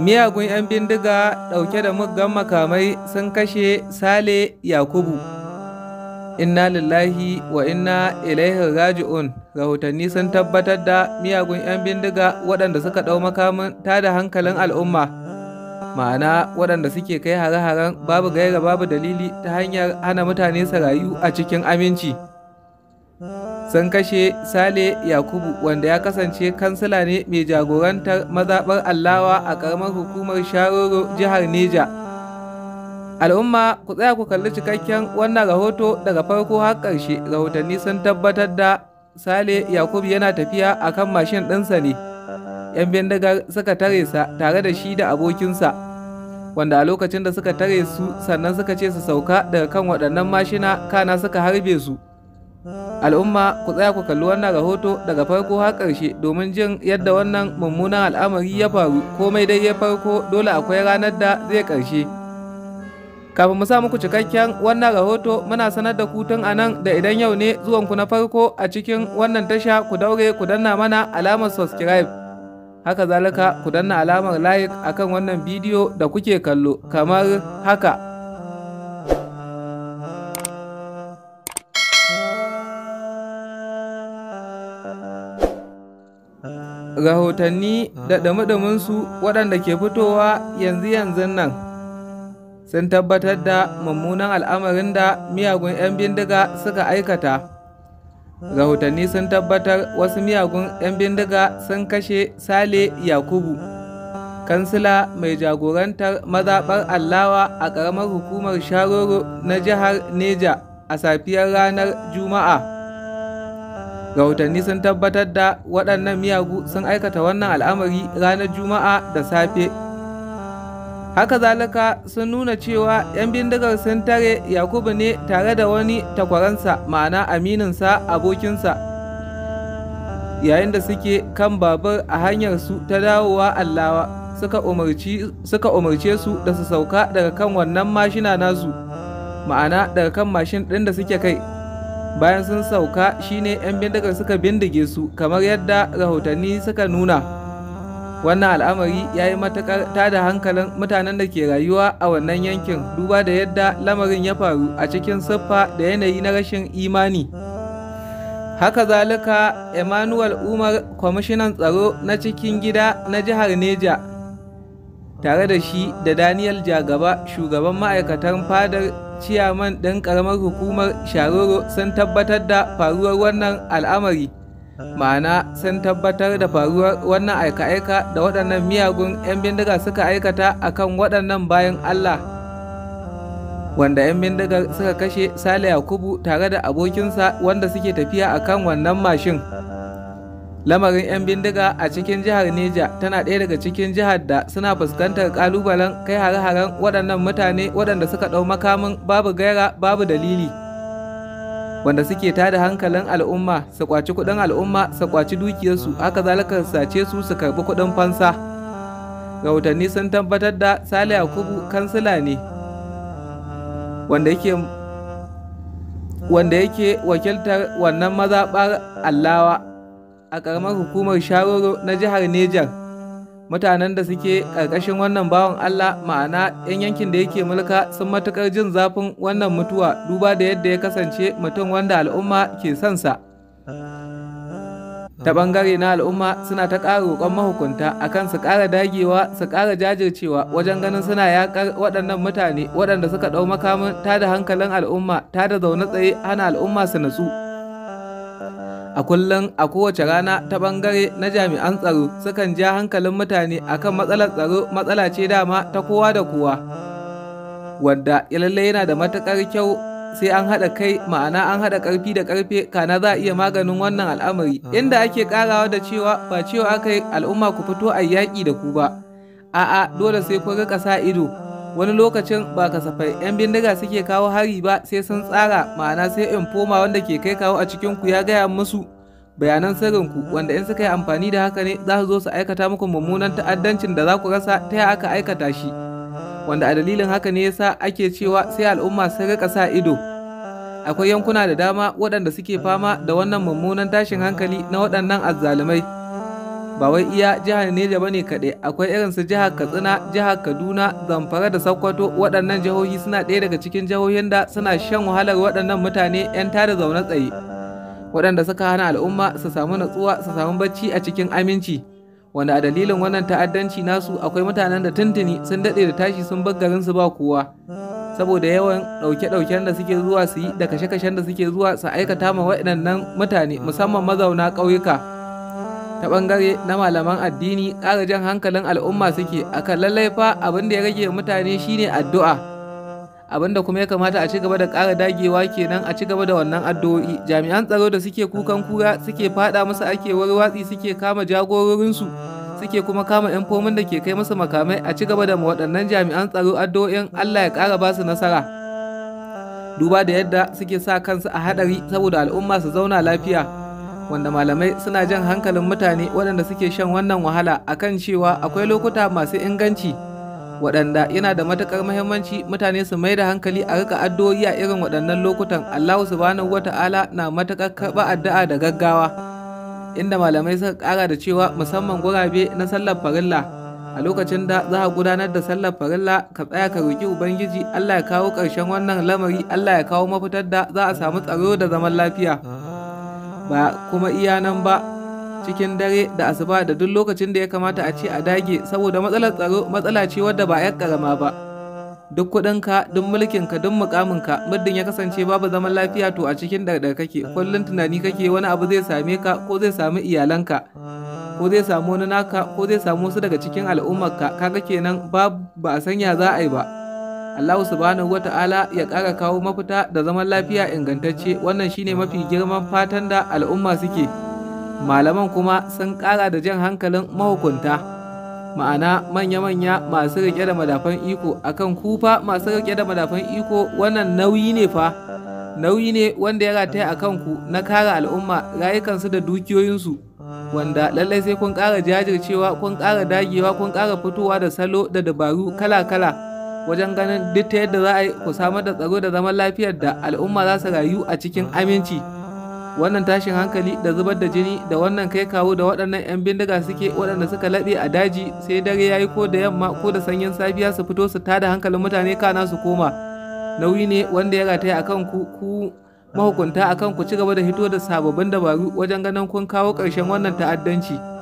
miyagun 'yan bindiga ɗauke da muggan makamai sun kashe sale yakubu inna lillahi wa inna ilaihi raji'un rahotanni sun tabbatar da miyagun 'yan bindiga waɗanda suka ɗau makamin da hankalin al'umma ma'ana waɗanda suke kai hare-haren babu gaira babu dalili ta hanyar hana mutane su rayu a cikin aminci. sun kashe sale yakubu wanda ya kasance kansila ne mai jagorantar mazaɓar allawa a ƙaramar hukumar sharoro jihar neja al'umma ku tsaya ku kalli cikakken wannan rahoto daga farko har ƙarshe rahotanni sun tabbatar da sale yakubu yana tafiya akan mashin ɗinsa ne 'yan bindigar suka tare sa tare da shi da abokinsa wanda a lokacin da suka tare su sannan suka ce su sauka daga kan waɗannan mashina kana suka harbe su Al'umma ku tsaya ku kalli wannan rahoto daga farko har ƙarshe domin jin yadda wannan mummunan al'amari ya faru komai dai ya farko dole akwai ranar da zai ƙarshe. kafin mu sa muku cikakken wannan rahoto muna sanar da ku tun a nan da idan yau ne zuwanku na farko a cikin wannan tasha ku daure ku danna mana alamar subscribe haka zalika ku danna alamar like akan wannan bidiyo da kuke kallo kamar haka rahotanni da ɗumi waɗanda ke fitowa yanzu-yanzu nan sun tabbatar da mummunan al'amarin da miyagun 'yan bindiga suka aikata rahotanni sun tabbatar wasu miyagun 'yan bindiga sun kashe sale yakubu kansila mai jagorantar mazaɓar allawa a ƙaramar hukumar sharoro na jihar neja a safiyar ranar juma'a rahotanni sun tabbatar da waɗannan miyagu sun aikata wannan al'amari ranar juma'a da safe haka zalika sun nuna cewa 'yan bindigar sun tare yakubu ne tare da wani takwaransa ma'ana amininsa abokinsa yayin da suke kan babur a hanyar su ta dawowa allawa suka umarce su da su sauka daga kan wannan mashina nasu ma'ana daga kan mashin ɗin da suke kai bayan sun sauka shine 'yan bindigar suka bindige su kamar yadda rahotanni suka nuna wannan al'amari ya yi matakar tada hankalin mutanen da ke rayuwa a wannan yankin duba da yadda lamarin ya faru a cikin siffa da yanayi na rashin imani haka zalika emmanuel umar kwamishinan tsaro na cikin gida na jihar neja tare da shi da daniel jagaba shugaban ma'aikatan fadar ciyaman ɗin ƙaramar hukumar sharoro sun tabbatar da faruwar wannan al'amari ma'ana sun tabbatar da faruwar wannan aika-aika da waɗannan miyagun 'yan bindiga suka aikata akan waɗannan bayan allah wanda 'yan bindigar suka kashe sale yakubu tare da abokinsa wanda suke tafiya akan wannan mashin. lamarin 'yan bindiga a cikin jihar neja tana ɗaya daga cikin jihar da suna fuskantar ƙalubalen kai hare-haren waɗannan mutane waɗanda suka ɗau makamin babu gaira babu dalili wanda suke tada hankalin al'umma su kwaci kuɗin al'umma su kwaci dukiyarsu haka zalika sace su su karɓi kuɗin fansa rahotanni sun tabbatar da sale yakubu kansila ne wanda yake wanda wakiltar wannan mazaɓar allawa a ƙaramar hukumar Sharoro na jihar Nejar. Mutanen da suke ƙarƙashin wannan bawan Allah ma'ana 'yan yankin da yake mulka sun matuƙar jin zafin wannan mutuwa duba da yadda ya kasance mutum wanda al'umma ke son Ta ɓangare na al'umma suna ta ƙara roƙon mahukunta akan su ƙara dagewa su ƙara jajircewa wajen ganin suna yaƙar waɗannan mutane waɗanda suka ɗau makamin tada hankalin al'umma tada zaune tsaye hana al'umma su natsu. A kullum a kowace rana ta bangare na jami'an tsaro sukan ja hankalin mutane akan matsalar tsaro matsala ce dama ta kowa da kowa. Wanda ya lalle yana da matuƙar kyau sai an haɗa kai ma'ana an haɗa ƙarfi da ƙarfe kana za a iya maganin wannan al'amari inda ake ƙarawa da cewa ba cewa aka yi al'umma ku fito a yaƙi da ku ba. A'a dole sai kun riƙa sa ido wani lokacin ba kasafai 'yan bindiga suke kawo hari ba sai sun tsara ma'ana sai infoma wanda ke kai kawo a cikin ku ya gaya musu bayanan sirrinku wanda in suka yi amfani da haka ne za su zo su aikata muku mummunan ta'addancin da za ku rasa ta ya aka aikata shi wanda a dalilin haka ne yasa ake cewa sai al'umma su rika sa ido akwai yankuna da dama waɗanda suke fama da wannan mummunan tashin hankali na waɗannan azzalumai ba wai iya jihar Neja bane kaɗai akwai irin su jihar Katsina, jihar Kaduna, Zamfara da Sokoto waɗannan jihohi suna ɗaya daga cikin jihohin da suna shan wahalar waɗannan mutane 'yan tada zaune tsaye waɗanda suka hana al'umma su samu natsuwa su samu bacci a cikin aminci wanda a dalilin wannan ta'addanci nasu akwai mutanen da tuntuni sun daɗe da tashi sun bar garin su ba kowa saboda yawan ɗauke-ɗauken da suke zuwa su yi da kashe-kashen da suke zuwa su aikata ma waɗannan mutane musamman mazauna ƙauyuka. na bangare na malaman addini ƙara jan hankalin al'umma suke akan lallai fa abin da ya rage mutane shine addu'a abin da kuma ya kamata a ci gaba da ƙara dagewa kenan a ci gaba da wannan addu'o'i jami'an tsaro da suke kukan kura suke faɗa musu ake watsi suke kama jagororinsu suke kuma kama yan fomin da ke kai musu makamai a ci gaba da waɗannan jami'an tsaro addu'o'in Allah ya ƙara ba su nasara duba da yadda suke sa kansu a haɗari saboda al'umma su zauna lafiya wanda malamai suna jan hankalin mutane waɗanda suke shan wannan wahala akan cewa akwai lokuta masu inganci waɗanda yana da matuƙar muhimmanci mutane su mai da hankali a rika addu'o'i a irin waɗannan lokutan Allahu subhanahu wata'ala na matuƙar karɓa addu'a da gaggawa inda malamai suka ƙara da cewa musamman gurabe na sallar farilla a lokacin da za a gudanar da sallar farilla ka tsaya ka roki ubangiji Allah ya kawo ƙarshen wannan lamari Allah ya kawo mafitar da za a samu tsaro da zaman lafiya. ba kuma iya nan ba cikin dare da asuba da duk lokacin da ya kamata a ce a dage saboda matsalar tsaro matsala ce wadda ba 'yar karama ba duk ka duk mulkinka duk mukaminka muddin ya kasance babu zaman lafiya to a cikin dare ɗarɗar kake kullun tunani kake wani abu zai same ka ko zai samu iyalanka ko zai samu wani naka ko zai samu wasu daga cikin al'ummarka kaga kenan ba a sanya za a yi ba Allah subhanahu wa ta'ala ya ƙara kawo mafita da zaman lafiya ingantacce wannan shine mafi girman fatan da al'umma suke malaman kuma sun ƙara da jan hankalin mahukunta ma'ana manya-manya masu rike da madafan iko akan kufa masu riƙe da madafan iko wannan nauyi ne fa nauyi ne wanda ya rataya a ku na kare al'umma rayukansu da dukiyoyinsu wanda lallai sai kun ƙara jajircewa kun ƙara dagewa kun ƙara fitowa da salo da dabaru kala-kala wajen ganin duk ta yadda za a yi ku samar da tsaro da zaman lafiyar da al'umma za su rayu a cikin aminci wannan tashin hankali da zubar da jini da wannan kai kawo da waɗannan 'yan bindiga suke waɗanda suka laɓe a daji sai dare ya yi ko da yamma ko da sanyin safiya su fito su tada hankalin mutane kana su koma nauyi ne wanda ya rataya akan ku ku mahukunta akan ku ci gaba da hito da sababbin dabaru wajen ganin kun kawo ƙarshen wannan ta'addanci.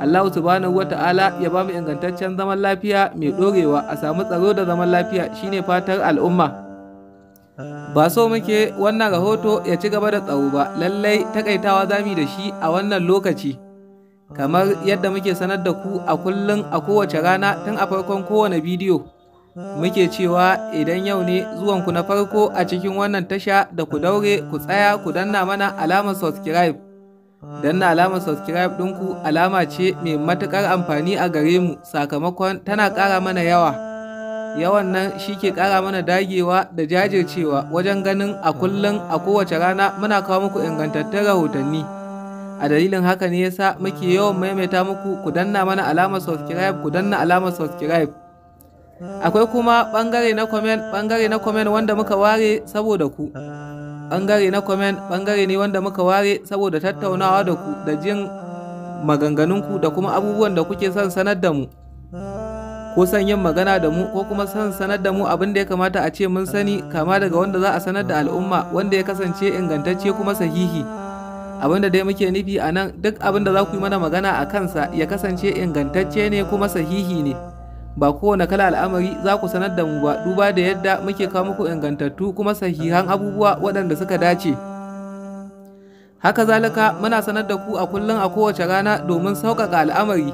Allahu subhanahu ta'ala ya ba mu ingantaccen zaman lafiya mai ɗorewa a samu tsaro da zaman lafiya shine fatar al'umma. Ba so muke wannan rahoto ya ci gaba da tsaro ba, lallai takaitawa zami da shi a wannan lokaci. Kamar yadda muke sanar da ku a kullum a kowace rana tun a farkon kowane bidiyo. Muke cewa idan yau ne zuwanku na farko a cikin wannan tasha da ku daure ku tsaya ku danna mana alamar subscribe. danna alamar subscribe ɗinku alama ce mai matuƙar amfani a gare mu sakamakon tana ƙara mana yawa yawan nan shi ke ƙara mana dagewa da jajircewa wajen ganin a kullum a kowace rana muna kawo muku ingantattun rahotanni a dalilin haka ne yasa muke yawan maimaita muku ku danna mana alamar subscribe ku danna alamar subscribe akwai kuma ɓangare na comment ɓangare na comment wanda muka ware saboda ku Bangare na kwamen bangare ne wanda muka ware saboda tattaunawa da ku da jin maganganunku da kuma abubuwan da kuke son sanar da mu. Ko son yin magana da mu ko kuma son sanar da mu abin da ya kamata a ce mun sani kama daga wanda za a sanar da al'umma wanda ya kasance ingantacce kuma sahihi. Abin da dai muke nufi a nan duk abin da za ku yi mana magana a kansa ya kasance ingantacce ne kuma sahihi ne. ba kowane kala al'amari za ku sanar da mu ba duba da yadda muke kawo muku ingantattu kuma sahihan abubuwa waɗanda suka dace haka zalika muna sanar da ku a kullum a kowace rana domin sauƙaƙa al'amari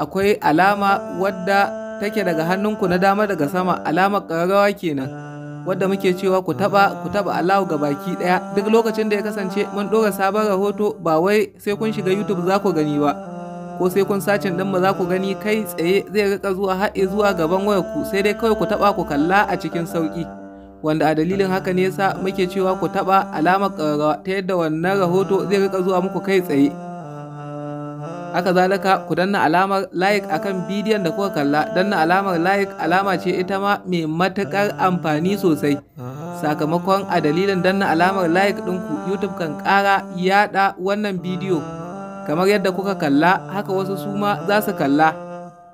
akwai alama wadda take daga hannunku na dama daga sama alamar ƙararrawa kenan wadda muke cewa ku taba ku taba Allahu ga baki ɗaya duk lokacin da ya kasance mun ɗora sabon rahoto ba wai sai kun shiga YouTube za ku gani ba ko sai kun sace ɗin ba za ku gani kai tsaye zai rika zuwa haɗe zuwa gaban wayarku, sai dai kawai ku taɓa ku kalla a cikin sauƙi wanda a dalilin haka ne yasa muke cewa ku taɓa alamar ƙararrawa ta yadda wannan rahoto zai rika zuwa muku kai tsaye haka zalika ku danna alamar like akan bidiyon da kuka kalla danna alamar like alama ce ita ma mai matukar amfani sosai sakamakon a dalilin danna alamar like ɗinku youtube kan ƙara yaɗa wannan bidiyo kamar yadda kuka kalla haka wasu su ma za su kalla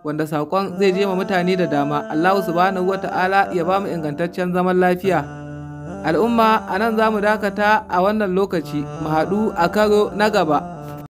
wanda saƙon zai je ma mutane da dama allahu subhanahu wa ta'ala ya ba mu ingantaccen zaman lafiya al'umma a nan za mu dakata a wannan lokaci mu haɗu a karo na gaba